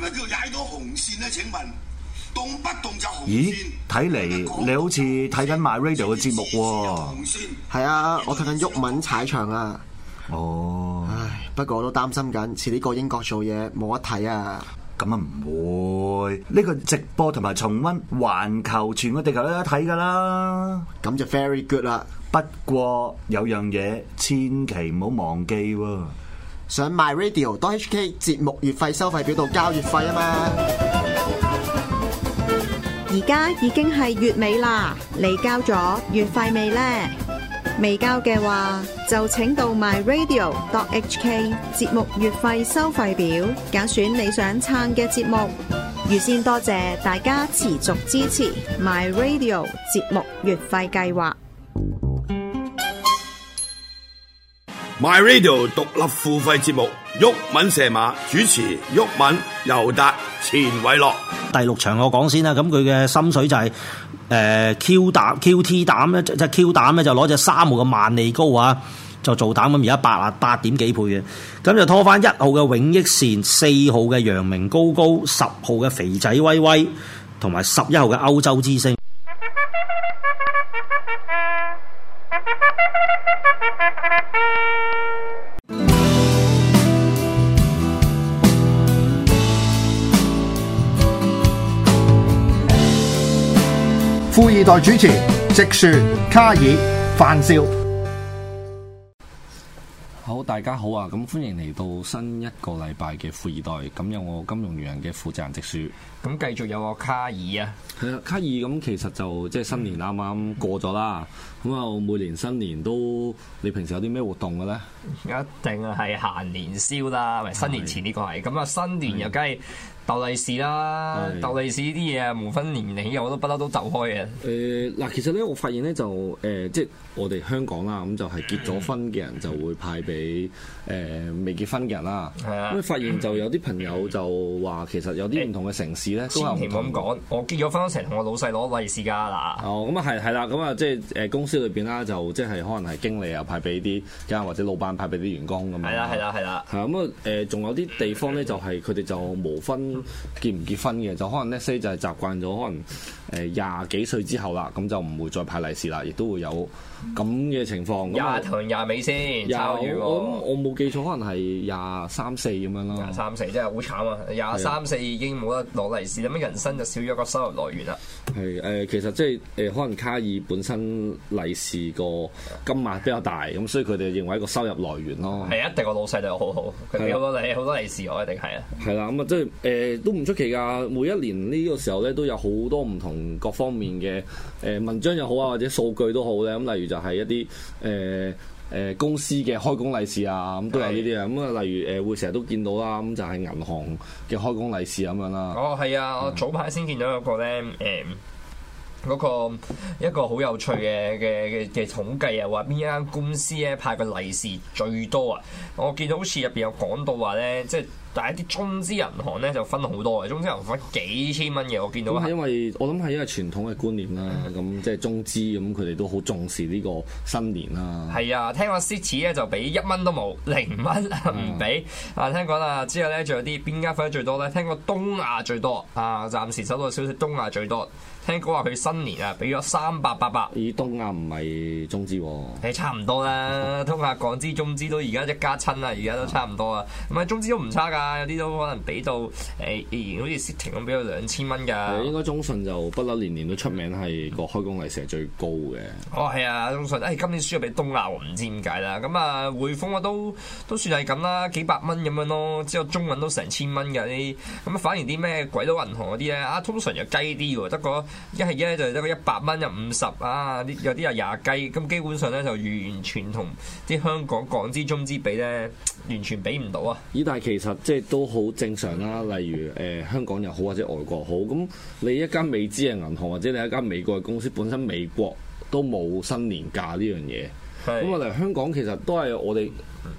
點解要踩到紅線咧？請問動不動就紅線？咦，睇嚟你好似睇緊 MyRadio 嘅節目喎、啊。係啊，我睇緊毓民踩場啊。哦，oh. 唉，不過我都擔心緊，似呢個英國做嘢冇得睇啊。咁啊唔會，呢、這個直播同埋重溫，環球全個地球都有得睇噶啦。咁就 very good 啦。不過有樣嘢，千祈唔好忘記喎、啊。想 My Radio d .hk 節目月費收費表度交月費啊嘛，而家已經係月尾啦，你交咗月費未呢？未交嘅話，就請到 My Radio d .hk 節目月費收費表揀選你想撐嘅節目。預先多謝大家持續支持 My Radio 節目月費計劃。My Radio 獨立付費節目，毓民射馬主持，毓民、尤達、錢偉樂。第六場我講先啦，咁佢嘅心水就係、是、誒、呃、Q 膽 QT 膽咧，即係 Q 膽咧就攞隻三毛嘅萬利高啊，就做膽咁，而家八啊八點幾倍嘅，咁就拖翻一號嘅永益線，四號嘅楊明高高，十號嘅肥仔威威，同埋十一號嘅歐洲之星。代主持直樹、卡爾、范少，好，大家好啊！咁、嗯、歡迎嚟到新一個禮拜嘅富易袋，咁、嗯、有我金融園人嘅負責人直樹，咁繼、嗯、續有我卡爾啊，係啦、嗯，卡爾，咁、嗯、其實就即係新年啱啱過咗啦，咁、嗯、啊、嗯嗯，每年新年都，你平時有啲咩活動嘅咧？一定係行年宵啦，唔係新年前呢個係，咁啊的新年又梗係。鬥利是啦，鬥利是呢啲嘢啊，無分年齡嘅我都不嬲都走開嘅。誒嗱，其實咧，我發現咧就誒，即係我哋香港啦，咁就係結咗婚嘅人就會派俾誒未結婚嘅人啦。咁的發現就有啲朋友就話，其實有啲唔同嘅城市咧，欸、都係咁講。我結咗婚都成日同我老細攞利是㗎啦。哦，咁啊係係啦，咁啊即係誒公司裏邊啦，就即係可能係經理啊派俾啲，或者老闆派俾啲員工咁樣。係啦係啦係啦。係咁啊誒，仲、嗯嗯、有啲地方咧就係佢哋就無分。結唔結婚嘅，就可能呢啲就係習慣咗，可能誒廿幾歲之後啦，咁就唔會再派利是啦，亦都會有咁嘅情況。廿頭廿尾先，廿我冇記錯，可能係廿三四咁樣咯。廿三四真係好慘啊！廿三四已經冇得攞利是，咁啊，人生就少咗個收入來源啦。係誒、呃，其實即係誒，可能卡爾本身利是個金額比較大，咁所以佢哋認為一個收入來源咯。係啊，一定個老細對我好好，佢好多利，好多利是，我一定係啊。係啦，咁啊，即係誒。都唔出奇噶，每一年呢個時候咧，都有好多唔同各方面嘅誒文章又好啊，或者數據都好咧。咁例如就係一啲誒誒公司嘅開工利是啊，咁都有呢啲啊。咁啊，例如誒會成日都見到啦，咁就係、是、銀行嘅開工利是咁樣啦。哦，係啊，嗯、我早排先見到一個咧，誒嗰個一個好有趣嘅嘅嘅嘅統計啊，話邊一間公司咧派嘅利是最多啊？我見到好似入邊有講到話咧，即係。但係一啲中資銀行咧就分好多嘅，中資銀行分幾千蚊嘅，我見到。啊、嗯，因為我諗係因為傳統嘅觀念啦，咁、嗯、即係中資咁佢哋都好重視呢個新年啦、啊。係啊，聽講 Citi 咧就俾一蚊都冇，零蚊唔俾。啊 比，嗯、聽講啦，之後咧仲有啲邊間分最多咧？聽講東亞最多啊，暫時收到嘅消息東亞最多。聽講話佢新年啊俾咗三百八百。咦？東亞唔係中資喎。誒，差唔多啦。東亞港資中資都而家一家親啦，而家都差唔多啊。唔係、嗯、中資都唔差㗎。啊！有啲都可能俾到誒，好似 setting 咁俾到兩千蚊㗎。應該中信就不嬲年年都出名，係個開工利是最高嘅、嗯。嗯、哦，係啊，中信誒、哎、今年輸入俾東亞，我唔知點解啦。咁、嗯、啊，匯豐我都都算係咁啦，幾百蚊咁樣咯。之後中文都成千蚊㗎，你咁啊，反而啲咩鬼佬銀行嗰啲咧啊，通常又低啲喎，得個一係一就得個一百蚊，又五十啊，有啲又廿雞。咁基本上咧就完全同啲香港港資中資比咧，完全比唔到啊。咦？但係其實。即係都好正常啦，例如誒、呃、香港又好，或者外國好咁。你一間美資嘅銀行，或者你一間美國嘅公司，本身美國都冇新年假呢樣嘢。咁我嚟香港其實都係我哋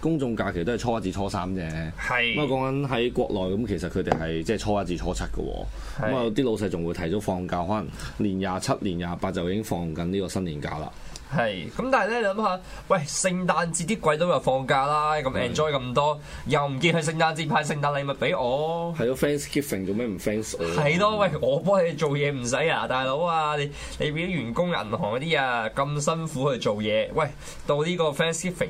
公眾假期都係初一至初三啫。咁啊是，講緊喺國內咁，其實佢哋係即係初一至初七嘅。咁啊是，啲老細仲會提早放假，可能年廿七、年廿八就已經放緊呢個新年假啦。係，咁但係咧，你諗下，喂，聖誕節啲鬼佬又放假啦，咁 enjoy 咁多，又唔見佢聖誕節派聖誕禮物俾我。係咯，Thanksgiving 做咩唔 thank 我？係咯，喂，我幫你做嘢唔使啊，大佬啊，你你俾啲員工銀行嗰啲啊，咁辛苦去做嘢，喂，到呢個 Thanksgiving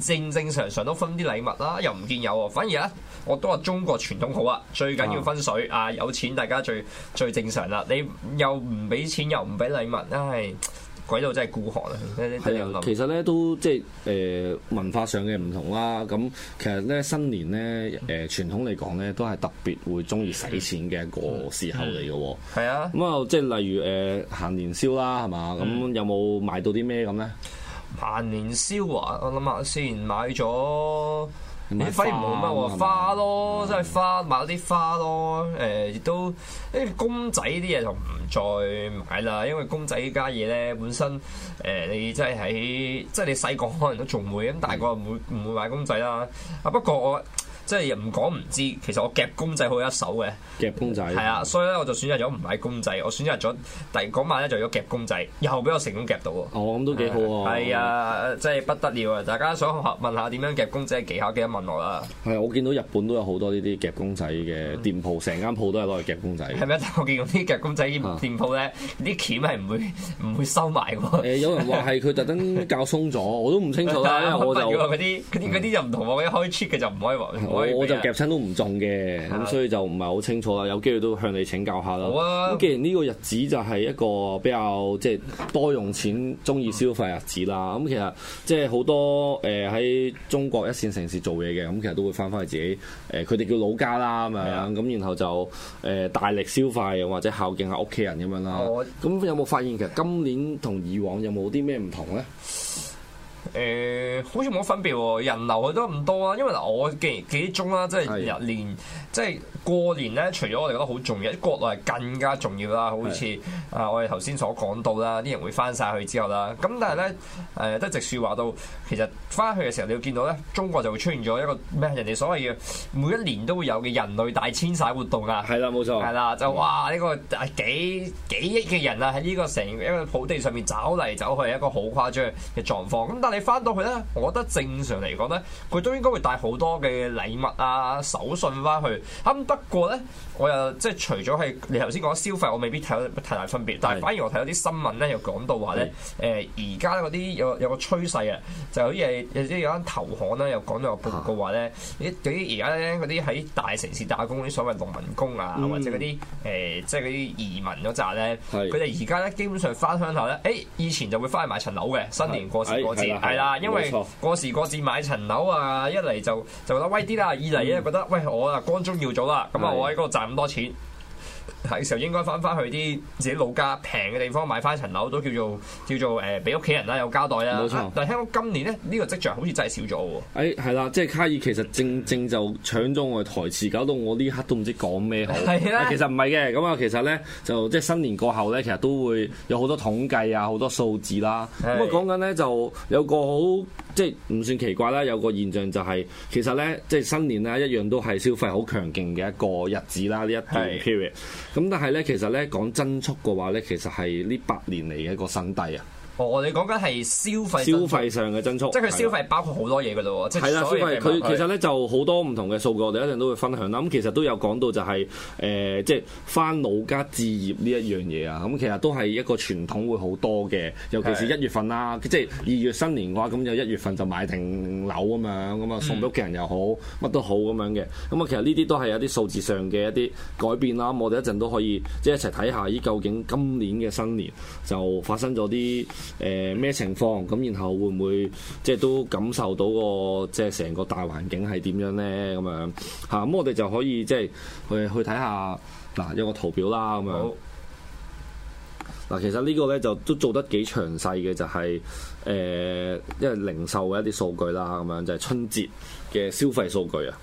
正正常常都分啲禮物啦，又唔見有，反而咧，我都話中國傳統好啊，最緊要分水啊，有錢大家最最正常啦，你又唔俾錢又唔俾禮物，唉。鬼佬真係孤寒啊！係啊、即係呃，其實咧都即係誒文化上嘅唔同啦。咁其實咧新年咧誒、呃、傳統嚟講咧，都係特別會鍾意使錢嘅一個時候嚟嘅喎。係啊、嗯。咁、嗯、啊，即係例如誒行年宵啦，係嘛？咁有冇買到啲咩咁咧？行年宵、嗯、啊！我諗下先，買咗。你反而冇乜喎，花，花咯，即係吧花買啲花咯，誒、呃、亦都誒、呃、公仔啲嘢就唔再買啦，因為公仔呢家嘢咧本身誒、呃、你即係喺即係你細個可能都仲會咁大個唔會唔的會買公仔啦，啊不過我。即係唔講唔知，其實我夾公仔好一手嘅，夾公仔，係啊，所以咧我就選擇咗唔買公仔，我選擇咗第嗰晚咧就要咗夾公仔，又俾我成功夾到喎。哦，咁都幾好啊。係啊，即係不得了啊！大家想問下點樣夾公仔技巧，記得問我啦。係啊，我見到日本都有好多呢啲夾公仔嘅店鋪，成間鋪都係攞嚟夾公仔。係咪啊？我見到啲夾公仔店鋪咧，啲鉗係唔會唔會收埋㗎喎。有人話係佢特登較鬆咗，我都唔清楚啦。但係，如果嗰啲嗰啲就唔同喎，一開 cheap 嘅就唔可以我就夾親都唔中嘅，咁、啊、所以就唔係好清楚啦。有機會都向你請教下啦。咁、啊、既然呢個日子就係一個比較即係、就是、多用錢、中意消費日子啦。咁其實即係好多誒喺、呃、中國一線城市做嘢嘅，咁其實都會翻返去自己誒佢哋叫老家啦咁樣。係咁、啊、然後就誒、呃、大力消費，又或者孝敬下屋企人咁樣啦。哦我。咁有冇發現其實今年同以往有冇啲咩唔同咧？誒、欸，好似冇乜分別喎、哦，人流佢都咁多啊，因為我幾幾鍾啦、啊，即係日練。即係過年咧，除咗我哋覺得好重要，喺國內係更加重要啦。好似啊，我哋頭先所講到啦，啲人會翻晒去之後啦。咁但係咧，誒都直說話到，其實翻去嘅時候，你會見到咧，中國就會出現咗一個咩？人哋所謂嘅每一年都會有嘅人類大遷徙活動啊！係啦，冇錯，係啦，就哇呢個幾幾億嘅人啊，喺呢個成一個土地上面走嚟走去，一個好誇張嘅狀況。咁但係你翻到去咧，我覺得正常嚟講咧，佢都應該會帶好多嘅禮物啊、手信翻去。咁不過咧。我又即係除咗係你頭先講消費，我未必睇到太大分別。但係反而我睇到啲新聞咧，又講到話咧，誒而家嗰啲有有個趨勢個啊，就好似係有啲有間投行咧，又講到個報告話咧，對於而家咧嗰啲喺大城市打工啲所謂農民工啊，或者嗰啲誒即係嗰啲移民嗰紮咧，佢哋而家咧基本上翻鄉下咧，誒、欸、以前就會翻去買層樓嘅，新年過時過節係啦，啊哎、因為過時過節買層樓啊，一嚟就就覺得威啲啦，二嚟咧覺得,就覺得,就覺得喂,喂我啊光宗耀祖啦，咁啊我喺嗰個站。咁多錢係時候應該翻翻去啲自己老家平嘅地方買翻層樓，都叫做叫做誒，俾屋企人啦有交代啦。冇錯、嗯、但係香港今年咧呢、呢個跡象好似真係少咗喎、啊哎。誒係啦，即係卡爾其實正正就搶咗我嘅台詞，搞到我呢刻都唔知講咩好。係啦呢，其實唔係嘅咁啊，其實咧就即係新年過後咧，其實都會有好多統計啊，好多數字啦。咁啊的，講緊咧就有個好。即係唔算奇怪啦，有個現象就係、是、其實咧，即係新年啦，一樣都係消費好強勁嘅一個日子啦，呢一段 period。咁但係咧，其實咧講增速嘅話咧，其實係呢八年嚟嘅一個新低啊。哦，我哋講緊係消費消費上嘅增速，即係佢消費包括好多嘢嘅咯喎。係啦的，消費佢其實咧就好多唔同嘅數據，我哋一陣都會分享啦。咁、嗯、其實都有講到就係、是、誒，即係返老家置業呢一樣嘢啊。咁其實都係一個傳統會好多嘅，尤其是一月份啦，的即係二月新年嘅話，咁就一月份就買定樓咁樣，咁啊送俾屋企人又好，乜、嗯、都好咁樣嘅。咁啊，其實呢啲都係有啲數字上嘅一啲改變啦。咁我哋一陣都可以即係一齊睇下依究竟今年嘅新年就發生咗啲誒咩、呃、情況咁，然後會唔會即係都感受到個即係成個大環境係點樣呢？咁樣嚇，咁、嗯、我哋就可以即係去去睇下嗱一個圖表啦。咁樣嗱，其實呢個呢，就都做得幾詳細嘅，就係誒因為零售嘅一啲數據啦，咁樣就係、是、春節嘅消費數據啊。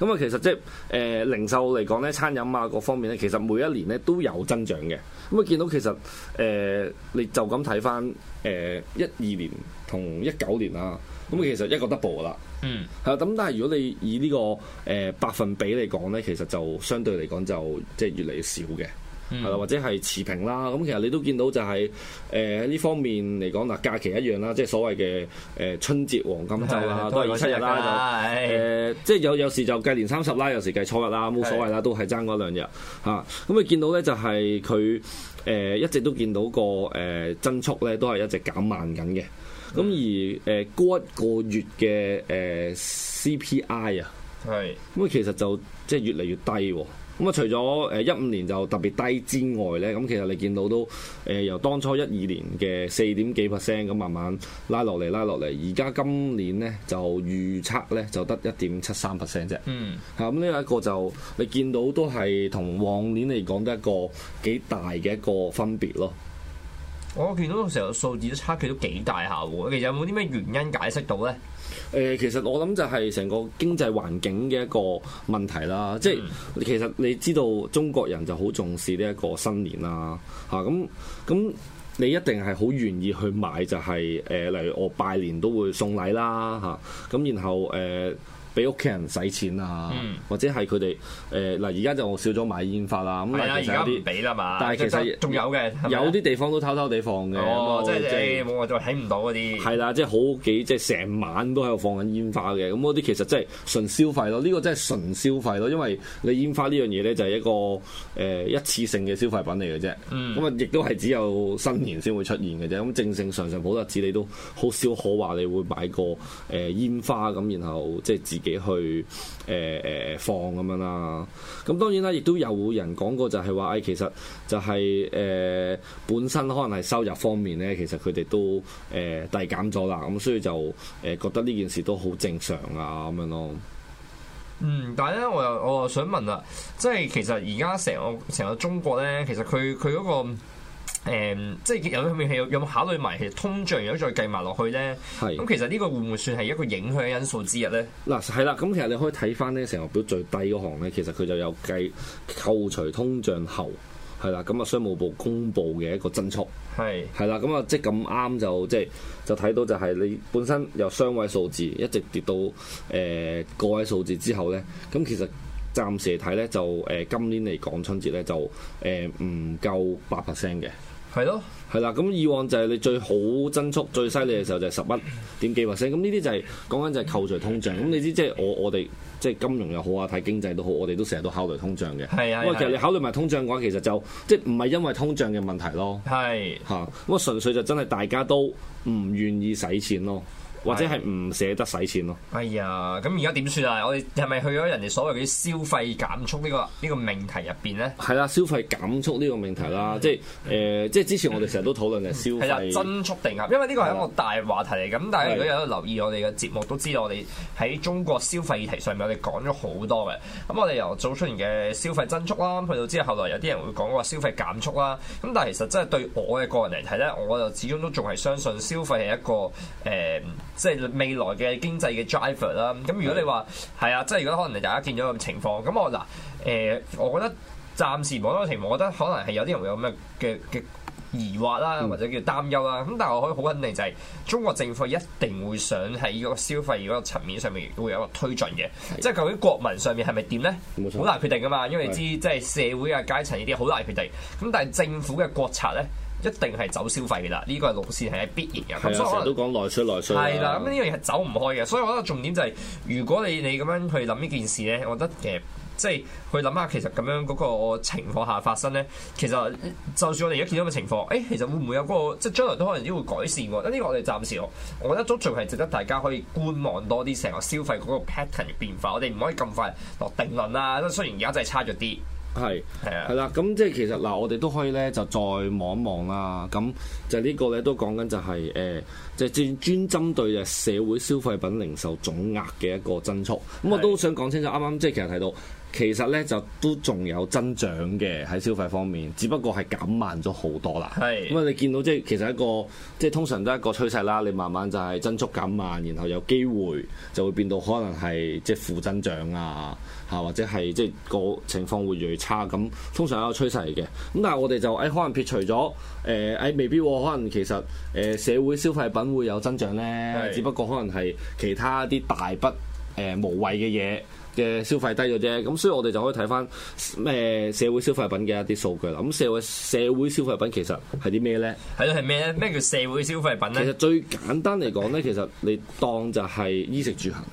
咁啊，其實即係誒零售嚟講咧，餐飲啊各方面咧，其實每一年咧都有增長嘅。咁啊，見到其實誒、呃，你就咁睇翻誒一二年同一九年啦。咁啊，其實一個 double 啦。嗯。係啦，咁但係如果你以呢、呢個誒、呃、百分比嚟講咧，其實就相對嚟講就即係越嚟越少嘅。係啦，或者係持平啦。咁其實你都見到就係誒喺呢方面嚟講，嗱假期一樣啦，即係所謂嘅誒春節黃金周啦，的都係七日啦。就誒、哎呃，即係有有時就計年三十啦，有時計初日啦，冇所謂啦，的都係爭嗰兩日吓。咁、啊、你見到咧就係佢誒一直都見到個誒、呃、增速咧都係一直減慢緊嘅。咁的過誒、呃、一個月嘅誒 CPI 啊，係咁啊，佢，的其實就即係越嚟越低、喔。咁啊，除咗誒一五年就特別低之外咧，咁其實你，慢慢呢、嗯、你見到都誒由當初一二年嘅四點幾 percent 咁慢慢拉落嚟、拉落嚟，而家今年咧就預測咧就得一點七三 percent 啫。嗯。嚇咁呢一個就你見到都係同往年嚟講都一個幾大嘅一個分別咯。我見、哦、到成個數字都差距都幾大下喎，其實有冇啲咩原因解釋到咧？誒、呃，其實我諗就係成個經濟環境嘅一個問題啦，嗯、即係其實你知道中國人就好重視呢一個新年啦，嚇咁咁你一定係好願意去買、就是，就係誒，例如我拜年都會送禮啦，嚇、啊、咁、啊、然後誒。呃俾屋企人使錢啊，嗯、或者係佢哋誒嗱，而、呃、家就少咗買煙花啦。係啊，而家唔俾啦嘛。但係其實仲有嘅，有啲地方都偷偷地放嘅。即係冇話再睇唔到嗰啲。係啦，即係好幾即係成晚都喺度放緊煙花嘅。咁嗰啲其實即係純消費咯，呢、呢個真係純消費咯，因為你煙花呢樣嘢咧就係一個誒、呃、一次性嘅消費品嚟嘅啫。咁啊、嗯，亦都係只有新年先會出現嘅啫。咁正正常常好多時你都好少可話你會買個誒煙花咁，然後即係自己去誒誒放咁樣啦，咁當然啦，亦都有人講過就係話誒，其實就係誒本身可能係收入方面咧，其實佢哋都誒遞減咗啦，咁所以就誒覺得呢件事都好正常啊咁樣咯。嗯，但係咧，我又我又想問啦，即係其實而家成個成個中國咧，其實佢佢嗰個。誒、嗯，即係有有冇考慮埋是其實通脹如果再計埋落去咧？係。咁其實呢個會唔會算係一個影響因素之一咧？嗱係啦，咁其實你可以睇翻咧，成個表最低嗰行咧，其實佢就有計扣除通脹後係啦，咁啊商務部公布嘅一個增速係係啦，咁啊的即係咁啱就即係就睇到就係你本身由雙位數字一直跌到誒個、呃、位數字之後咧，咁其實暫時嚟睇咧就誒、呃、今年嚟講春節咧就誒唔、呃、夠八 percent 嘅。係咯，係啦，咁以往就係你最好增速最犀利嘅時候就係十一點幾 percent。咁呢啲就係講緊就係、是、扣除通脹，咁你知即係我我哋即係金融又好啊，睇經濟都好，我哋都成日都考慮通脹嘅。係啊，因為其實你考慮埋通脹嘅話，其實就即係唔係因為通脹嘅問題咯，係嚇是是、啊，咁啊純粹就真係大家都唔願意使錢咯。或者係唔捨得使錢咯。哎呀，咁而家點算啊？我哋係咪去咗人哋所謂嘅消費減速呢、呢個呢、呢個命題入邊咧？係啦，消費減速呢個命題啦， 即係誒、呃，即係之前我哋成日都討論嘅消費係啦，增速定壓，因為呢個係一個大話題嚟。咁的但係如果有留意我哋嘅節目，都知道我哋喺中國消費議題上面，我哋講咗好多嘅。咁我哋由早出年嘅消費增速啦，去到之後，後來有啲人會講話消費減速啦。咁但係其實真係對我嘅個人嚟睇咧，我就始終都仲係相信消費係一個誒。欸即係未來嘅經濟嘅 driver 啦，咁如果你話係啊，即係如果可能大家見到咁情況，咁我嗱誒、呃，我覺得暫時冇多個情況，我覺得可能係有啲人會有咩嘅嘅疑惑啦，嗯、或者叫擔憂啦，咁但係我可以好肯定就係中國政府一定會想喺個消費嗰個層面上面會有一個推進嘅，是的 即係究竟國民上面係咪點咧，好難決定㗎嘛，因為你知即係社會啊階層呢啲好難決定，咁但係政府嘅國策咧。一定係走消費嘅啦，呢個係路線係必然嘅。咁成日都講內需內需，係啦。咁呢樣嘢係走唔開嘅。所以我覺得重點就係，如果你你咁樣去諗呢件事咧，我覺得其實即係去諗下其實咁樣嗰個情況下發生咧，其實就算我哋而家見到嘅情況，誒，其實會唔會有嗰個即係將來都可能都會改善喎？咁呢個我哋暫時我覺得都仲係值得大家可以觀望多啲成個消費嗰個 pattern 嘅變化。我哋唔可以咁快落定論啦。雖然而家真係差咗啲。係係、嗯、啦，咁即係其實嗱，我哋都可以咧就再望一望啦。咁就係呢個咧都講緊就係、係、誒，即、呃、係、就係、專專針對嘅社會消費品零售總額嘅一個增速。咁的我都想講清楚，啱啱即係其實睇到。其實咧就都仲有增長嘅喺消費方面，只不過係減慢咗好多啦。係咁啊！你見到即係其實一個即係通常都係一個趨勢啦。你慢慢就係增速減慢，然後有機會就會變到可能係即係負增長啊，嚇或者係即係個情況會越嚟越差。咁通常一個趨勢嚟嘅。咁但係我哋就誒、欸、可能撇除咗誒誒未必、哦、可能其實誒、欸、社會消費品會有增長咧，是只不過可能係其他啲大筆誒、欸、無謂嘅嘢。嘅消費低咗啫，咁所以我哋就可以睇返咩社會消費品嘅一啲數據啦。咁社會社會消費品其實係啲咩咧？係咯，係咩咧？咩叫社會消費品咧？其實最簡單嚟講咧，其實你當就係衣食住行。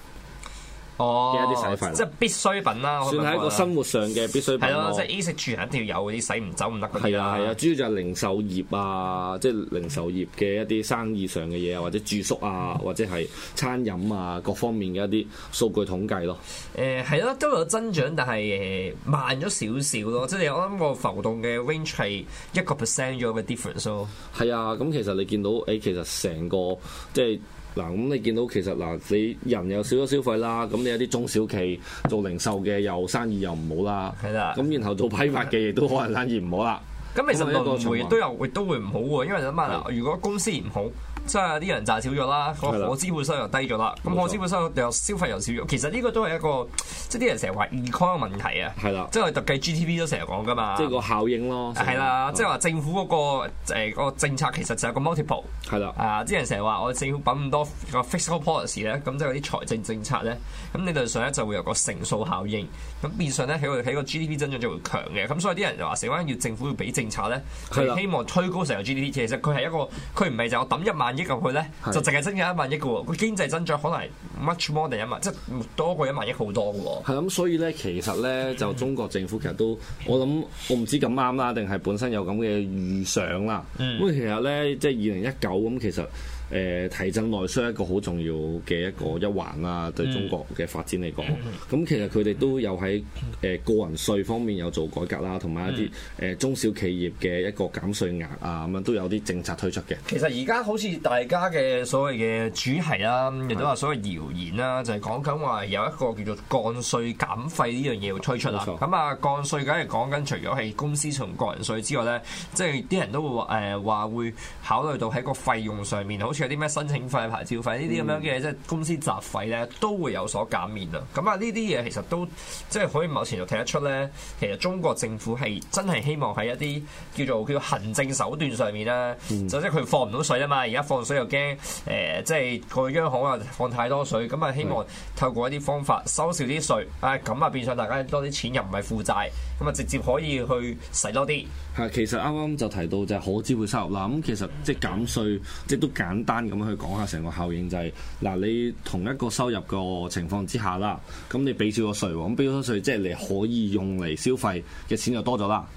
哦，oh，一即係必需品啦，我算係一個生活上嘅必需品咯。係咯、啊，即係衣食住行一定要有嗰啲洗唔走唔得嗰啲啦。係啊，係啊，主要就係零售業啊，即、就、係、是、零售業嘅一啲生意上嘅嘢啊，或者住宿啊，或者係餐飲啊，各方面嘅一啲數據統計咯。誒係咯，都有增長，但係誒、呃、慢咗少少咯。即、就、係、是、我諗個浮動嘅 range 係一個 percent 咗嘅 difference 咯。係啊，咁其實你見到誒、欸，其實成個即係。嗱，咁你見到其實嗱，你人又少咗消費啦，咁你有啲中小企做零售嘅又生意又唔好啦，係啦的，咁然後做批發嘅亦都可能生意唔好啦。咁其 實輪回亦都有會 都會唔好喎，因為你諗下， 如果公司唔好。即係啲人賺少咗啦，個貨資本收入低咗啦，咁的貨資本身又消費又少咗，沒錯 其實呢個都係一個即係啲人成日話 econ 嘅問題啊，是的 即係我哋特計 GDP 都成日講噶嘛，即係個效應咯，係啦的，即係話政府嗰、那個誒、呃那個、政策其實就係個 multiple，係啦是的、啊，啊啲人成日話我哋政府揾咁是的、啊、多個 fiscal policy 咧，咁即係啲財政政策咧，咁理論上咧就會有個乘數效應，咁變相咧喺個喺個 GDP 增長就會強嘅，咁所以啲人就話成日要政府要俾政策咧，佢希望推高成個 GDP，< 是的 S 1> 其實佢係一個佢唔係就我揼一萬億入去咧，就淨係增加一萬億嘅喎，個經濟增長可能係 much more than 一萬，即係多過一萬億好多嘅喎。係 咁、嗯，所以咧，其實咧就中國政府其實都我諗我唔知咁啱啦，定係本身有咁嘅預想啦。咁其實咧，即係二零一九咁，其實。誒提振內需一個好重要嘅一個一環啦，對中國嘅發展嚟講，咁其實佢哋都有喺誒個人稅方面有做改革啦，同埋一啲誒中小企業嘅一個減稅額啊，咁樣都有啲政策推出嘅。其實而家好似大家嘅所謂嘅主題啦，亦都話所謂謠言啦，就係講緊話有一個叫做降稅減費呢樣嘢會推出啦。咁啊，冇錯，降稅梗係講緊，除咗係公司同個人稅之外咧，即係啲人都會誒話會考慮到喺個費用上面好。有啲咩申請費、牌照費呢啲咁樣嘅即係公司雜費咧，都會有所減免啊！咁啊，呢啲嘢其實都即係可以某程度睇得出咧。其實中國政府係真係希望喺一啲叫做叫行政手段上面啦，嗯、就即係佢放唔到水啊嘛。而家放水又驚誒、呃，即係個央行啊放太多水，咁啊希望透過一啲方法收少啲稅。啊。咁啊變相大家多啲錢又唔係負債，咁啊直接可以去使多啲。其實啱啱就提到就係可支配收入啦。咁其實即係減稅，即係都簡單咁樣去講下成個效應，就係嗱，你同一個收入個情況之下啦，咁你俾少個稅喎，咁俾少個稅即係你可以用嚟消費嘅錢就多咗啦。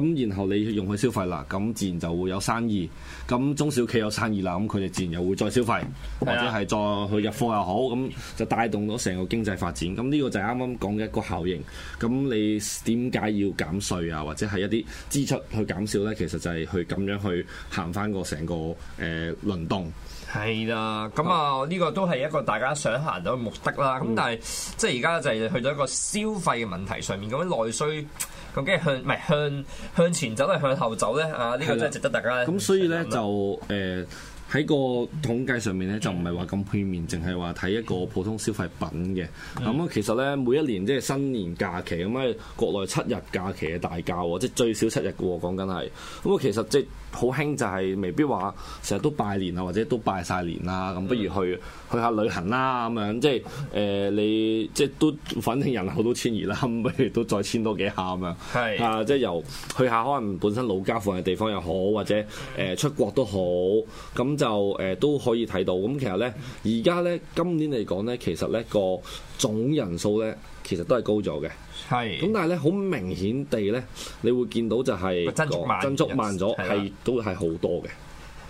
咁然後你用去消費啦，咁自然就會有生意。咁中小企有生意啦，咁佢哋自然又會再消費，或者係再去入貨又好，咁就帶動咗成個經濟發展。咁呢個就係啱啱講嘅一個效應。咁你點解要減稅啊？或者係一啲支出去減少呢？其實就係去咁樣去行翻個成個誒輪動。係啦，咁啊，呢個都係一個大家想行到嘅目的啦。咁但係即係而家就係去到一個消費嘅問題上面，咁內需咁跟住向唔係向向前走定向後走咧？啊，呢、這個真係值得大家想想。咁所以咧就誒喺、呃、個統計上面咧就唔係話咁片面，淨係話睇一個普通消費品嘅。咁啊、嗯，嗯嗯、其實咧每一年即係新年假期咁啊，國內七日假期嘅大假喎，即係最少七日嘅喎，講緊係。咁啊，其實即係。好興就係未必話成日都拜年啊，或者都拜晒年啦，咁不如去去下旅行啦咁樣，即係誒、呃、你即係都反正人口都遷移啦，咁不如都再遷多幾下咁樣，係是啊，即係由去下可能本身老家附近嘅地方又好，或者誒、呃、出國都好，咁就誒、呃、都可以睇到。咁其實咧，而家咧今年嚟講咧，其實咧個總人數咧，其實都係高咗嘅。係咁，但係咧好明顯地咧，你會見到就係增速慢，增速慢咗，係對都係好多嘅。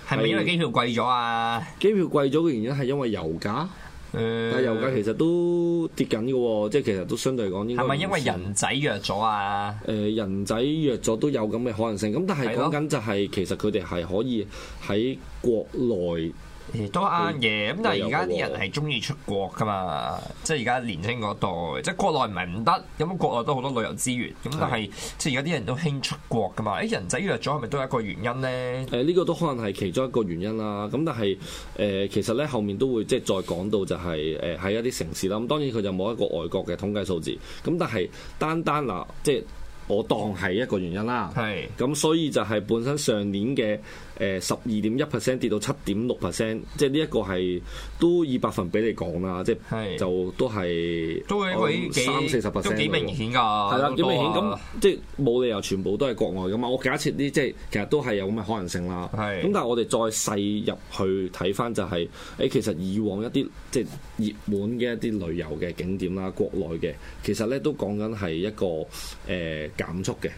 係咪因為機票貴咗啊？機票貴咗嘅原因係因為油價，嗯、但係油價其實都跌緊嘅，即係其實都相對嚟講呢。係咪因為人仔弱咗啊？誒、呃，人仔弱咗都有咁嘅可能性。咁但係講緊就係，其實佢哋係可以喺國內。都啱嘅，咁但係而家啲人係中意出國噶嘛，即係而家年輕嗰代，即係國內唔係唔得，咁國內都好多旅遊資源，咁是的 但係即係而家啲人都興出國噶嘛，誒人仔弱咗係咪都係一個原因咧？誒呢、呃呢個都可能係其中一個原因啦，咁但係誒、呃、其實咧後面都會即係再講到就係誒喺一啲城市啦，咁當然佢就冇一個外國嘅統計數字，咁但係單單嗱即係我當係一個原因啦，係，咁所以就係本身上年嘅。誒十二點一 percent 跌到七點六 percent，即係呢一個係都以百分比嚟講啦，即係就都係都係幾三四十 percent 都幾明顯㗎，係啦，幾明顯咁，即係冇理由全部都係國外㗎嘛。我假設呢，即係其實都係有咁嘅可能性啦。係咁，但係我哋再細入去睇翻就係誒，其實以往一啲即係熱門嘅一啲旅遊嘅景點啦，國內嘅其實咧都講緊係一個誒、呃、減速嘅。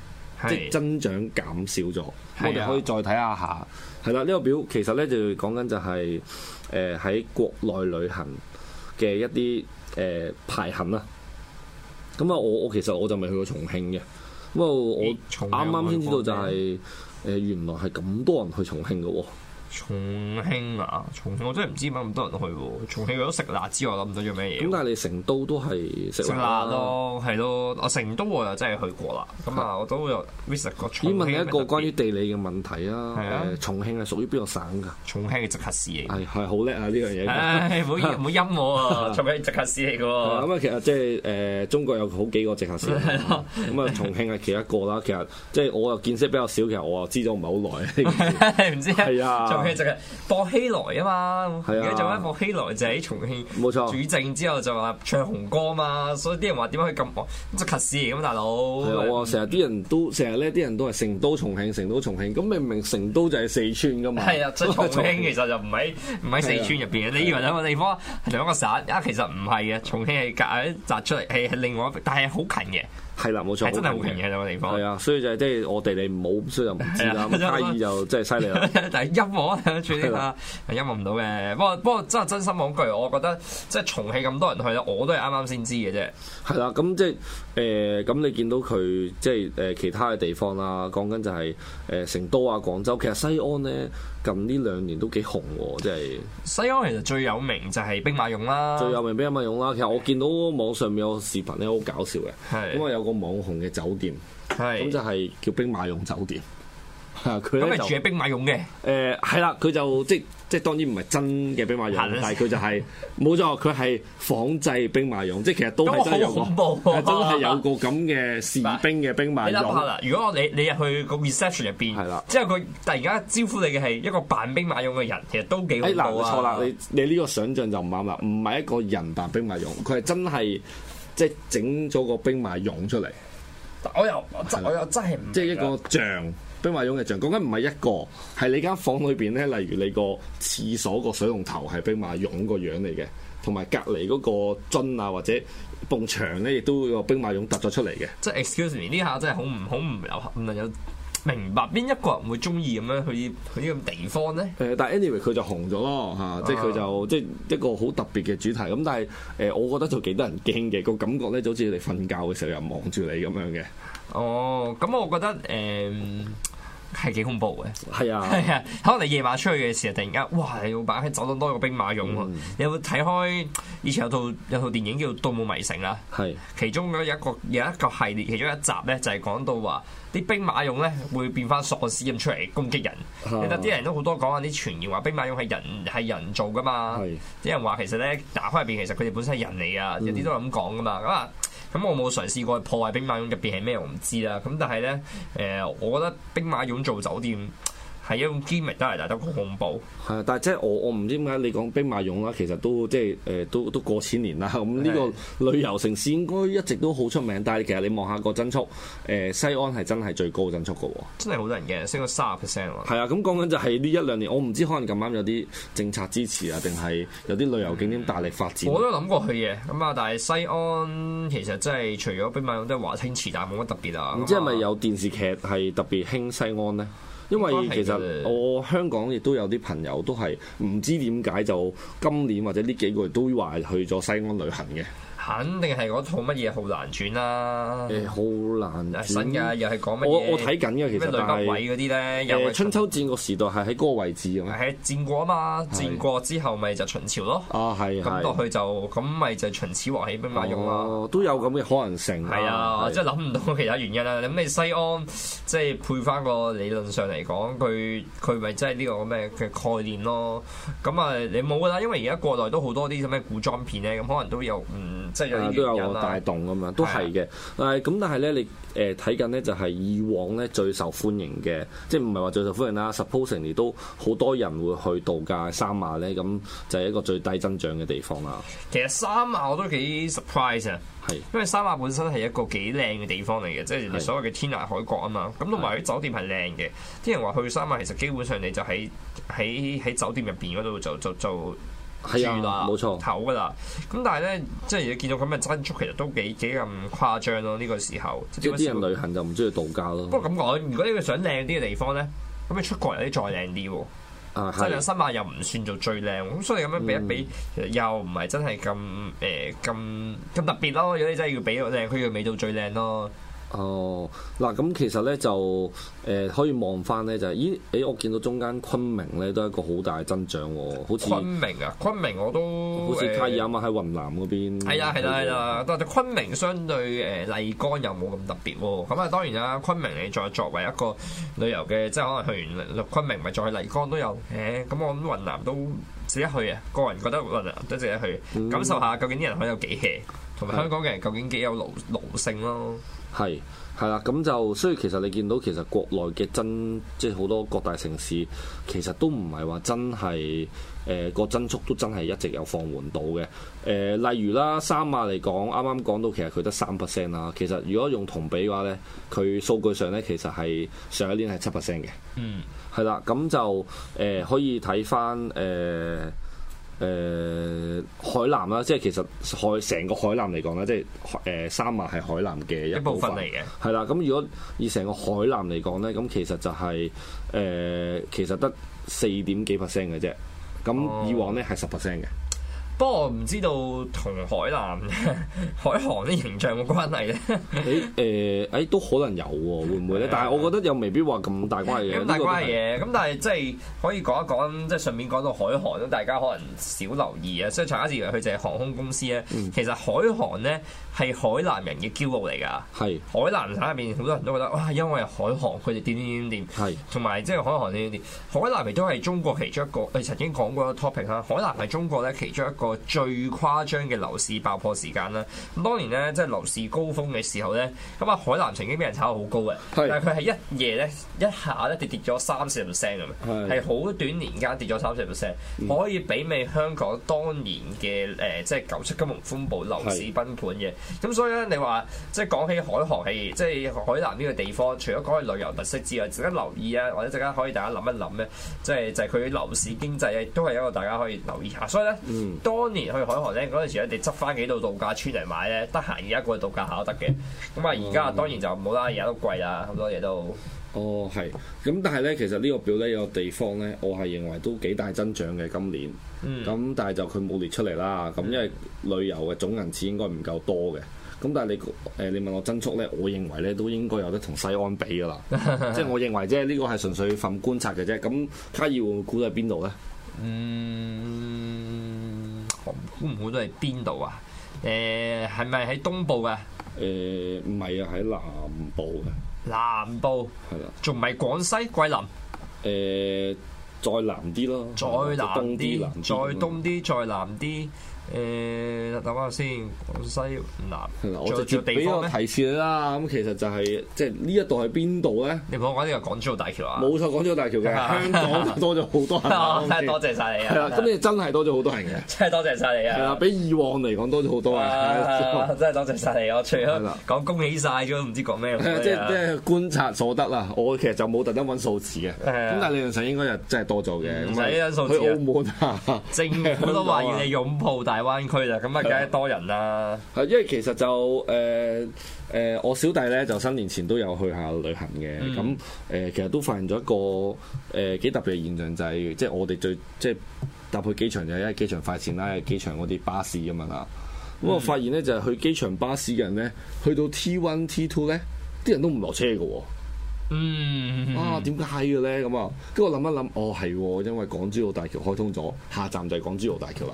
是即增長減少咗，啊、我哋可以再睇下下。係啦、啊，呢、這個表其實咧就講緊就係誒喺國內旅行嘅一啲誒、呃、排行啦。咁、嗯、啊，我我其實我就未去過重慶嘅，不過我啱啱先知道就係、是、誒原來係咁多人去重慶嘅喎、哦。重慶啊，重慶我真係唔知點解咁多人去。重慶除咗食辣之外，諗唔到仲有咩嘢？點解你成都都係食辣咯，係咯。我成都我又真係去過啦。咁啊，我都有 visit 過重慶。問一個關於地理嘅問題啊，重慶係屬於邊個省㗎？重慶嘅直轄市嚟。係好叻啊呢樣嘢！唔好唔好陰我喎，做咩直轄市嚟㗎？咁啊，其實即係誒中國有好幾個直轄市。咁啊，重慶係其一個啦。其實即係我又見識比較少，其實我又知咗唔係好耐。唔知係啊？佢就係薄熙來啊嘛，而家仲有一個薄熙來就喺重慶，冇錯。主政之後就話唱紅歌嘛，錯所以啲人話點解可以咁博即係屎咁，大佬。成日啲人都成日咧，啲人都係成都重慶，成都重慶。咁明明成都就係四川噶嘛，啊、即重慶 重慶其實就唔喺唔喺四川入邊。啊、你以為兩個地方兩個省啊？其實唔係嘅，重慶係隔喺摘出嚟，係另外一，但係好近嘅。係啦，冇錯，真係好平嘅兩個地方。係啊，所以就係、是、即係我哋你冇，所以就唔知啦。第二是就真係犀利。但係音樂啊，處理下，對啦音樂唔到嘅。不過不過真係真心講句，我覺得即係重慶咁多人去啦，我都係啱啱先知嘅啫。係啦，咁即係誒，咁、呃、你見到佢即係誒其他嘅地方啦，講緊就係誒成都啊、廣州，其實西安咧。近呢兩年都幾紅喎。哦，即係西安其實最有名就係兵馬俑啦。最有名兵馬俑啦，其實我見到網上面有個視頻咧，好搞笑嘅。咁啊，有個網紅嘅酒店，咁是的 就係叫兵馬俑酒店。吓，佢咁係住喺兵馬俑嘅，誒係啦，佢就即。即係當然唔係真嘅兵馬俑，但係佢就係、是、冇 錯，佢係仿製兵馬俑，即係其實都係真嘅喎，真係、啊、有個咁嘅士兵嘅兵馬俑啦。如果你你入去個 reception 入邊，之後佢突然間招呼你嘅係一個扮兵馬俑嘅人，其實都幾恐怖啊、哎！你你呢個想像就唔啱啦，唔係一個人扮兵馬俑，佢係真係即係整咗個兵馬俑出嚟。我又我又真係即係一個像。兵馬俑嘅像，講緊唔係一個，係你間房裏邊咧，例如你個廁所個水龍頭係兵馬俑個樣嚟嘅，同埋隔離嗰個樽啊或者埲牆咧，亦都會有個兵馬俑凸咗出嚟嘅。即係 excuse me，呢下真係好唔好唔有唔能夠。明白邊一個人會中意咁樣去去呢個地方咧？誒，但係 anyway 佢就紅咗咯吓，即係佢就即係一個好特別嘅主題。咁但係誒，我覺得就幾得人驚嘅個感覺咧，就好似你瞓覺嘅時候又望住你咁樣嘅。哦，咁我覺得誒係、嗯、幾恐怖嘅。係是啊，啊，係啊，可能你夜晚出去嘅時候，突然間哇，你老闆喺走動多個兵馬俑喎。嗯、你有冇睇開以前有套有套電影叫做《盜墓迷城》啦？係。是啊、其中嘅一個有一個有一個系列，其中一集咧就係講到話。啲兵馬俑咧會變翻索士咁出嚟攻擊人，其實啲人都好多講下啲傳言話，兵馬俑係人係人造噶嘛，啲是人話其實咧打開入邊其實佢哋本身係人嚟啊，嗯、有啲都係咁講噶嘛，咁啊咁我冇嘗試過破壞兵馬俑入邊係咩，我唔知啦，咁但係咧誒，我覺得兵馬俑做酒店。係一種機密，真係大得好恐怖。係啊，但係即係我我唔知點解你講兵馬俑啦，其實都即係誒都都過千年啦。咁呢個旅遊城市應該一直都好出名，但係其實你望下個增速，誒、呃、西安係真係最高增速嘅喎。真係好多人嘅升咗三十 percent 喎。係啊，咁講緊就係呢一兩年，我唔知可能咁啱有啲政策支持啊，定係有啲旅遊景點大力發展、嗯。我都諗過去嘅咁啊，但係西安其實真係除咗兵馬俑、得華清池，但係冇乜特別啊。唔知係咪有電視劇係特別興西安咧？因為其實我香港亦都有啲朋友都係唔知點解，就今年或者呢幾個月都話去咗西安旅行嘅。肯定係嗰套乜嘢好難轉啦。好難轉新㗎，又係講乜嘢？我睇緊嘅，其實但係咩？啲咧，誒春秋戰國時代係喺嗰個位置咁。係戰國啊嘛，戰國之後咪就秦朝咯。啊，咁落去就咁，咪就秦始皇起兵馬俑咯。都有咁嘅可能性。係啊，即係諗唔到其他原因啦。你你西安即係配翻個理論上嚟講，佢佢咪真係呢個咩嘅概念咯？咁啊，你冇啦，因為而家國內都好多啲咁嘅古裝片咧，咁可能都有唔～即啊，啊，都有個帶動咁樣，都係嘅。的但係咁，但係咧，你誒睇緊咧，呃、就係以往咧最受歡迎嘅，即係唔係話最受歡迎啦。Supposing 你都好多人會去度假，三亞咧，咁就係一個最低增長嘅地方啦。其實三亞我都幾 surprise 啊，係的，因為三亞本身係一個幾靚嘅地方嚟嘅，即係所謂嘅天涯海角啊嘛。咁同埋啲酒店係靚嘅，啲的人話去三亞其實基本上你就喺喺喺酒店入邊嗰度就就就。係啊，冇沒錯，頭㗎喇。咁但係咧，即係你見到咁嘅增速，其實都幾幾咁誇張咯。呢、這個時候，即係啲人旅行就唔中意度假咯。不過咁講，如果你想靚啲嘅地方咧，咁你出國有啲再靚啲喎。啊，係新馬又唔算做最靚，咁所以咁樣比一比，嗯、又唔係真係咁誒咁咁特別咯。如果你真係要俾靚，佢要得美到最靚咯。哦，嗱，咁其實咧就誒可以望翻咧，就係咦誒我見到中間昆明咧都係一個好大嘅增長喎，好似昆明啊，昆明我都好似卡爾呀嘛喺雲南嗰邊，係啊係啦係啦，但係昆明相對誒、呃、麗江又冇咁特別喎。咁啊當然啦，昆明你再作為一個旅遊嘅，即係可能去完昆明咪再去麗江都有，誒、欸、咁我諗雲南都值得去啊！個人覺得雲南都值得去，嗯、感受下究竟啲人可以有幾 hea 同埋香港嘅人究竟幾有奴性咯～、嗯嗯係係啦，咁就所以其實你見到其實國內嘅增即係好多各大城市，其實都唔係話真係誒、呃嗰個增速都真係一直有放緩到嘅誒，例如啦三亞嚟講，啱啱講到其實佢得三 percent 啦，其實如果用同比嘅話咧，佢數據上咧其實係上一年係七 percent 嘅，嗯，係啦，咁就誒、呃、可以睇翻誒。呃誒、呃、海南啦，即係其實海成個海南嚟講啦，即係誒、呃、三亞係海南嘅一部分嚟嘅，係啦。咁如果以成個海南嚟講咧，咁其實就係、是、誒、呃、其實得四點幾 percent 嘅啫。咁以往咧係十 percent 嘅。不過我唔知道同海南海航啲形象有關係咧。誒誒，誒都可能有喎，會唔會咧？但係我覺得又未必話咁大關係咁大關係嘅，咁但係即係可以講一講，即係順便講到海航，大家可能少留意啊。所以大家以為佢就係航空公司咧。其實海航咧係海南人嘅驕傲嚟㗎。係。海南省入邊好多人都覺得哇，因為海航佢哋點點點點。係。同埋即係海航點點點。海南亦都係中國其中一個，我曾經講過個 topic 啦。海南係中國咧其中一個最誇張嘅樓市爆破時間啦！咁當年咧，即係樓市高峰嘅時候咧，咁啊海南曾經俾人炒到好高嘅，是但係佢係一夜咧，一下一跌跌咗三四 percent 嘅，係好是短年間跌咗三四 percent，可以媲美香港當年嘅誒、呃，即係九七金融風暴樓市崩盤嘅。咁是所以咧，你話即係講起海航係即係海南呢個地方，除咗講起旅遊特色之外，陣間留意啊，或者陣間可以大家諗一諗咧，即係就係、是、佢樓市經濟都係一個大家可以留意下。所以咧，都、嗯。當年去海河咧，嗰陣時咧，你執翻幾度度假村嚟買咧，得閒而家過去度假下都得嘅。咁啊，而家當然就冇啦，而家、嗯、都貴啦，好多嘢都。哦，係。咁但係咧，其實呢個表咧有個地方咧，我係認為都幾大增長嘅今年。咁、嗯、但係就佢冇列出嚟啦。咁因為旅遊嘅總人次應該唔夠多嘅。咁但係你誒，你問我增速咧，我認為咧都應該有得同西安比㗎啦。即係 我認為，即係呢個係純粹份觀察嘅啫。咁，卡爾會估喺邊度咧？嗯。好唔好？會會都係邊度啊？誒、呃，係咪喺東部啊？誒、呃，唔係啊，喺南部嘅。南部係啦，仲唔係廣西桂林？誒、呃，再南啲咯，再南啲，再東啲，再南啲。誒諗下先，廣西南，我直接俾個提示你啦。咁其實就係即係呢一度係邊度咧？你唔好講呢個，港珠澳大橋啊！冇錯，港珠澳大橋嘅香港多咗好多真係多謝晒你啊！咁你真係多咗好多人嘅，真係多謝晒你啊！比以往嚟講多咗好多啊！真係多謝晒你，我除咗講恭喜晒，都唔知講咩，即係即係觀察所得啦，我其實就冇特登揾數字嘅，咁但係理論上應該又真係多咗嘅，唔使揾數字啊！去澳門啊，政府都話要你擁抱大大灣區啦，咁啊，梗係多人啦。係，因為其實就誒誒、呃呃，我小弟咧就新年前都有去下旅行嘅。咁誒、嗯呃，其實都發現咗一個誒幾、呃、特別嘅現象，就係即係我哋最即係搭去機場就係因為機場快線啦，嗯、機場嗰啲巴士咁啊啦。咁我發現咧就係、是、去機場巴士嘅人咧，去到 T One T Two 咧，啲人都唔落車嘅。嗯，啊，點解嘅咧？咁啊，跟住我諗一諗，哦，係，因為港珠澳大橋開通咗，下站就係港珠澳大橋啦。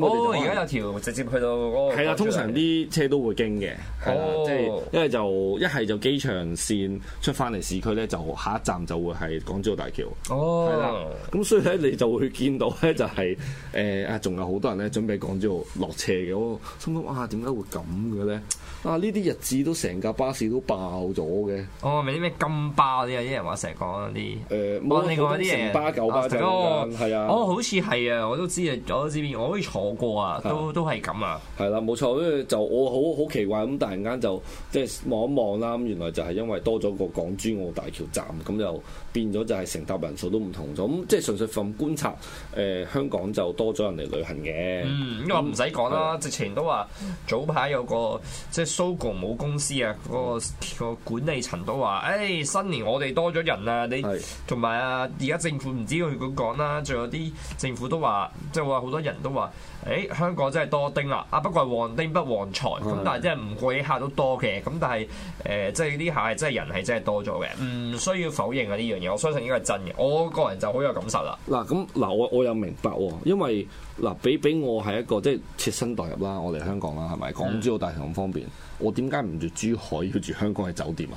我而家有條直接去到嗰個，係啦。通常啲車都會經嘅，係啦、哦嗯。即係因為就一係就機場線出翻嚟市區咧，就下一站就會係港珠澳大橋。哦、嗯，係啦、嗯。咁所以咧，你就會見到咧、就係，就係誒啊！仲有好多人咧準備港珠澳落車嘅。我心諗啊，點解會咁嘅咧？啊，呢啲、啊、日子都成架巴士都爆咗嘅。哦，咪啲咩金巴啲啊？啲人話成日講嗰啲。誒，我另外啲嘢。城巴九巴係啊。哦，的哦，好似係啊，我都知啊，我知邊，我可以坐。我啊，都都係咁啊，係啦，冇錯，因為就我好好奇怪咁，突然間就即係望一望啦，咁原來就係因為多咗個港珠澳大橋站，咁就變咗就係乘搭人數都唔同咗，咁即係純粹份觀察，誒、呃、香港就多咗人嚟旅行嘅。嗯，咁我唔使講啦，嗯、直情都話早排有個即係 Sogo 母公司啊，嗰、那個、那個管理層都話，誒、欸、新年我哋多咗人啊，你同埋啊，而家是的 政府唔知佢點講啦，仲有啲政府都話，即係話好多人都話。誒、哎、香港真係多丁啦，啊不過旺丁不旺財咁、嗯，但係、呃、真係唔過客都多嘅，咁但係誒、即係啲客係真係人係真係多咗嘅，唔需要否認啊呢樣嘢，我相信應該係真嘅，我個人就好有感受啦。嗱咁嗱，我我又明白喎、哦，因為嗱俾俾我係一個即係切身代入啦，我嚟香港啦係咪？港珠澳大橋咁方便，嗯、我點解唔住珠海要住香港嘅酒店啊？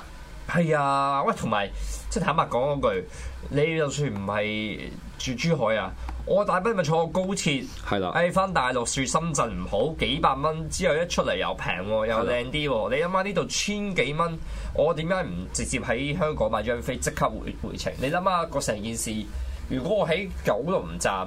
係啊、哎，喂，同埋即係坦白講嗰句，你就算唔係住珠海啊。我大班咪坐過高鐵係啦，誒翻的大陸住深圳唔好幾百蚊，之後一出嚟又平喎，又靚啲喎。的你諗下呢度千幾蚊，我點解唔直接喺香港買張飛即刻回回程？你諗下個成件事，如果我喺九龍站，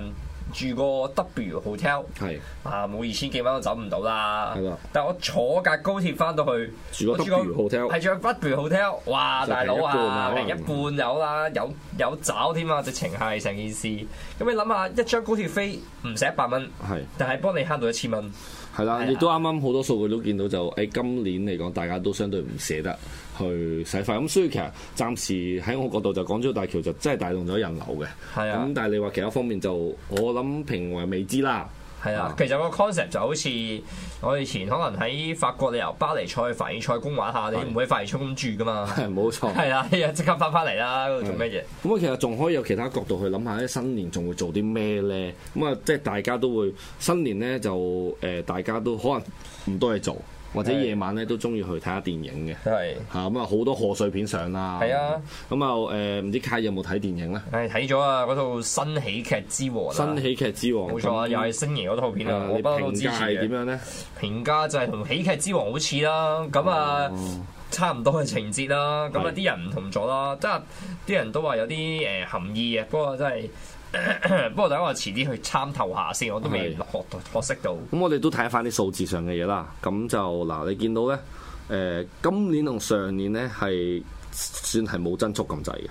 住個 W hotel 係的啊，冇二千幾蚊都走唔到啦。係啦的，但係我坐架高鐵翻到去住個過 W 住 hotel 係住個 W hotel，哇！實體 大佬啊，一,一半有啦，有有找添啊！直情係成件事。咁你諗下，一張高鐵飛唔使一百蚊，的但係幫你慳到一千蚊。係啦，亦都啱啱好多數據都見到就誒，今年嚟講大家都相對唔捨得去使費咁，所以其實暫時喺我角度就港珠澳大橋就真係帶動咗人流嘅。係啊，咁但係你話其他方面就我諗評為未知啦。係啊，其實個 concept 就好似我以前可能喺法國旅遊，巴黎菜、凡爾賽宮玩下，你唔會喺凡爾賽咁住㗎嘛。係冇錯。係啊，即刻翻返嚟啦，嗰度做咩嘢？咁啊，其實仲可以有其他角度去諗下，啲新年仲會做啲咩咧？咁啊，即係大家都會新年咧，就誒大家都可能唔多嘢做。或者夜晚咧都中意去睇下電影嘅，嚇咁的啊，好多賀歲片上啦，咁啊誒唔知卡有冇睇電影咧？誒睇咗啊，嗰套新喜劇之王，新喜劇之王冇錯啊，又係兵星爺嗰套片啊，的我幫到支持嘅。評價係點樣咧？評價就係同喜劇之王好似啦，咁啊差唔多嘅情節啦，咁啊啲人唔同咗啦，即係啲人都話有啲誒含義啊，不過真係。 不過等我遲啲去參透下先，我都未學到的學，學，學識到。咁我哋都睇翻啲數字上嘅嘢啦。咁就嗱，你見到咧，誒、呃，今年同上年咧係算係冇增速咁滯嘅。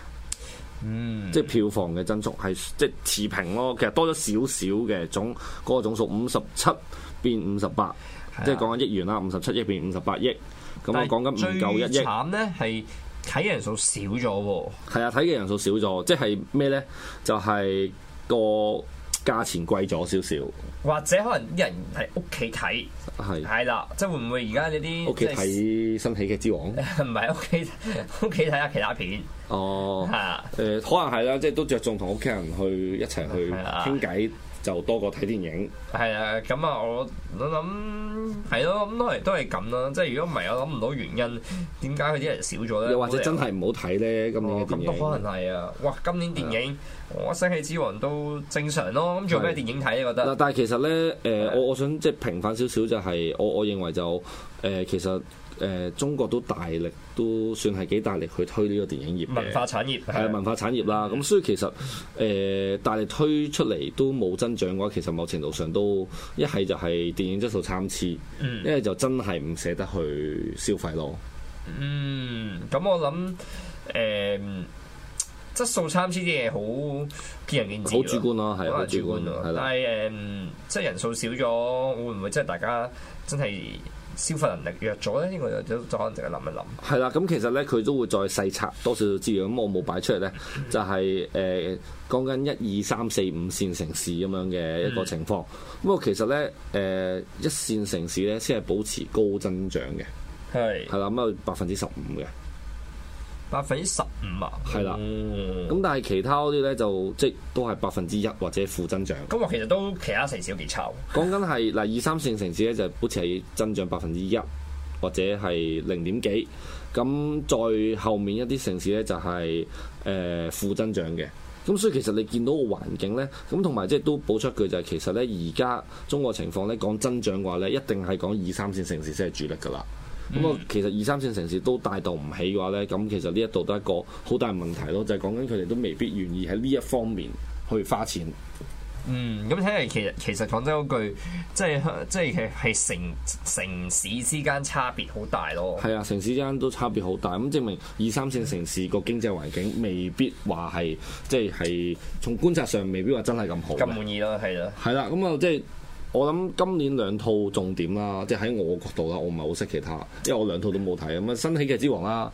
嗯。即係票房嘅增速係即係持平咯。其實多咗少少嘅總嗰、嗰個總數五十七變五十八，即係講緊億元啦，五十七億變五十八億。咁我講緊唔夠一億。慘咧，係。睇嘅人數少咗喎，係啊，睇嘅人數少咗，即係咩咧？就係個價錢貴咗少少，或者可能啲人喺屋企睇，係係啦，即係會唔會而家呢啲屋企睇新喜劇之王？唔係屋企屋企睇下其他片哦，誒，係啊，呃，可能係啦，即係都着重同屋企人去一齊去傾偈。就多過睇電影。係啊，咁啊，我諗諗係咯，咁都係都係咁咯。即係如果唔係，我諗唔到原因點解佢啲人少咗咧。又或者真係唔好睇咧？今年嘅電影都、哦、可能係啊！哇，今年電影《新喜劇之王》都正常咯。咁仲有咩電影睇啊？覺得、啊、但係其實咧，誒、呃，我我想即係平反少少、就是，就係我我認為就誒、呃，其實誒、呃，中國都大力都算係幾大力去推呢個電影業文化產業係、啊啊、文化產業啦。咁所以其實誒、呃，大力推出嚟，都冇真。長嘅話，其實某程度上都一係就係電影質素參差，一係、嗯、就真係唔捨得去消費咯。嗯，咁我諗，誒、呃，質素參差啲嘢好見仁見智，好主觀咯、啊，係好主觀咯。觀、啊、但係誒、呃，即係人數少咗，會唔會即係大家真係？消費能力弱咗咧，應該就都可能淨係諗一諗。係啦，咁 其實咧佢都會再細拆多少少資料，咁我冇擺出嚟咧，就係誒講緊一二三四五線城市咁樣嘅一個情況。咁啊，其實咧誒一線城市咧先係保持高增長嘅，係係啦，咁啊百分之十五嘅。百分之十五啊，係啦，咁但係其他嗰啲呢，就即都係百分之一或者負增長。咁我其實都其他城市都幾差。講緊係嗱二三線城市呢，就保持喺增長百分之一或者係零點幾。咁再後面一啲城市呢，就係誒負增長嘅。咁所以其實你見到個環境呢，咁同埋即係都補出句就係其實呢，而家中國情況呢，講增長嘅話呢，一定係講二三線城市先係主力㗎啦。咁啊，嗯、其實二三線城市都帶動唔起嘅話咧，咁其實呢一度都係一個好大問題咯，就係講緊佢哋都未必願意喺呢一方面去花錢。嗯，咁睇嚟其實其實講真嗰句，即係即係其實係城城市之間差別好大咯。係啊，城市之間都差別好大，咁證明二三線城市個經濟環境未必話係即係係從觀察上未必話真係咁好。咁滿意咯，係啦。係啦、啊，咁、嗯、啊即係。我諗今年兩套重點啦，即喺我角度啦，我唔係好識其他，因為我兩套都冇睇咁啊。新《喜劇之王》啦，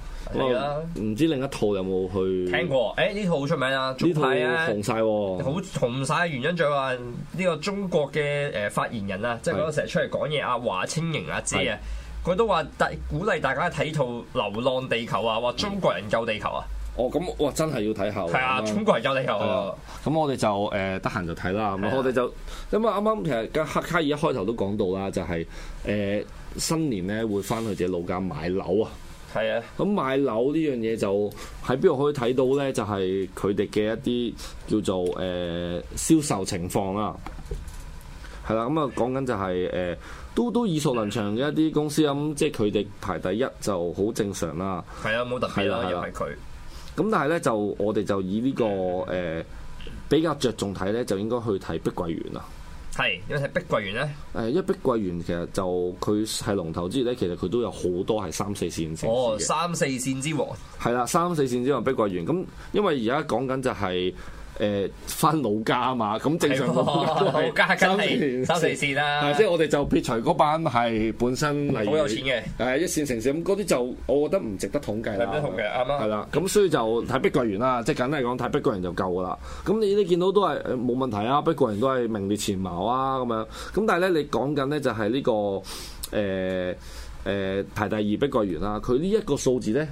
唔知另一套有冇去聽過？誒、欸、呢套好出名啊！呢套紅晒、啊！好紅曬、啊。原因就係話呢個中國嘅誒發言人啊，即係嗰個成日出嚟講嘢啊，是華春瑩阿姐啊，佢是都話大鼓勵大家睇套《流浪地球》啊，話中國人救地球啊！嗯哦，咁哇，真係要睇下喎。係啊，中國人有理由啊。咁我哋就誒得閒就睇啦。咁我哋就咁啊，啱啱其實嘅黑卡爾一開頭都講到啦，就係誒新年咧會翻去自己老家買樓啊。係啊。咁買樓呢樣嘢就喺邊度可以睇到咧？就係佢哋嘅一啲叫做誒銷售情況啦。係啦，咁啊講緊就係誒都都耳熟能詳嘅一啲公司咁，即係佢哋排第一就好正常啦。係啊，冇特別係啦，又係佢。咁但係咧就我哋就以呢、這個誒、呃、比較着重睇咧，就應該去睇碧桂園啦。係，有睇碧桂園咧？誒，因為碧桂園其實就佢係龍頭之餘咧，其實佢都有好多係三四線城市嘅。哦，三四線之王。係啦，三四線之王碧桂園。咁因為而家講緊就係。誒翻老家嘛，咁正常都返老家，三四線啦、啊。即、就、係、是、我哋就撇除嗰班係本身係，好有錢嘅，誒一線城市咁嗰啲就，我覺得唔值得統計啦。係咩同嘅係啦，咁所以就睇碧桂園啦，即係簡單嚟講睇碧桂園就夠噶啦。咁你都見到都係冇問題啊，碧桂園都係名列前茅啊咁樣。咁但係咧，你講緊咧就係呢個誒誒排第二碧桂園啦。佢呢一個數字咧，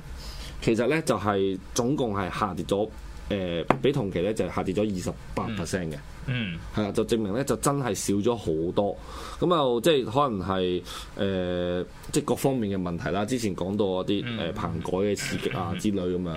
其實咧就係、是、總共係下跌咗，誒、呃，比同期咧就係、下跌咗二十八 percent 嘅。嗯，係啊，就證明咧，就真係少咗好多，咁啊，即係可能係誒、呃，即係各方面嘅問題啦。之前講到嗰啲誒棚改嘅刺激啊之類咁樣，誒、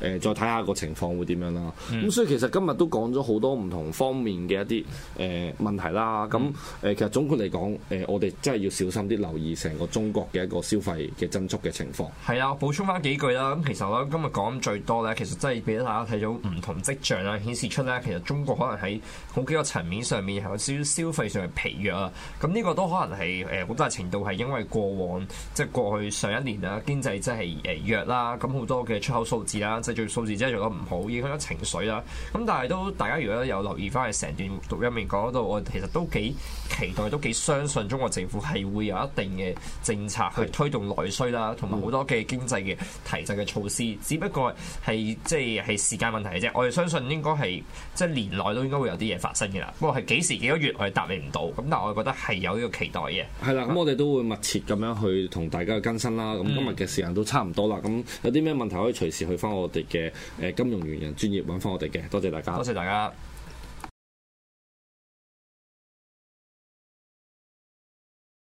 呃、再睇下個情況會點樣啦。咁、嗯、所以其實今日都講咗好多唔同方面嘅一啲誒、呃、問題啦。咁誒、呃、其實總括嚟講，誒、呃、我哋真係要小心啲留意成個中國嘅一個消費嘅增速嘅情況。係啊，補充翻幾句啦。咁其實我今日講最多咧，其實真係俾大家睇到唔同跡象啦，顯示出咧其實中國可能喺好幾個層面上面係有少少消費上嘅疲弱啊，咁呢個都可能係誒好大程度係因為過往即係、就是、過去上一年啊，經濟真係誒弱啦，咁好多嘅出口數字啦製造數字真係做得唔好，影響咗情緒啦。咁但係都大家如果有留意翻嘅成段讀音面講度，我其實都幾期待，都幾相信中國政府係會有一定嘅政策去推動內需啦，同埋好多嘅經濟嘅提振嘅措施。只不過係即係係時間問題啫，我哋相信應該係即係年內都應該會有啲。嘢發生嘅啦，不過係幾時幾個月，我係答你唔到。咁但係我覺得係有呢個期待嘅。係啦，咁樂、嗯、我哋都會密切咁樣去同大家去更新啦。咁今日嘅時間都差唔多啦。咁有啲咩問題可以隨時去翻我哋嘅誒金融原人專業揾翻我哋嘅。多謝大家。多謝大家。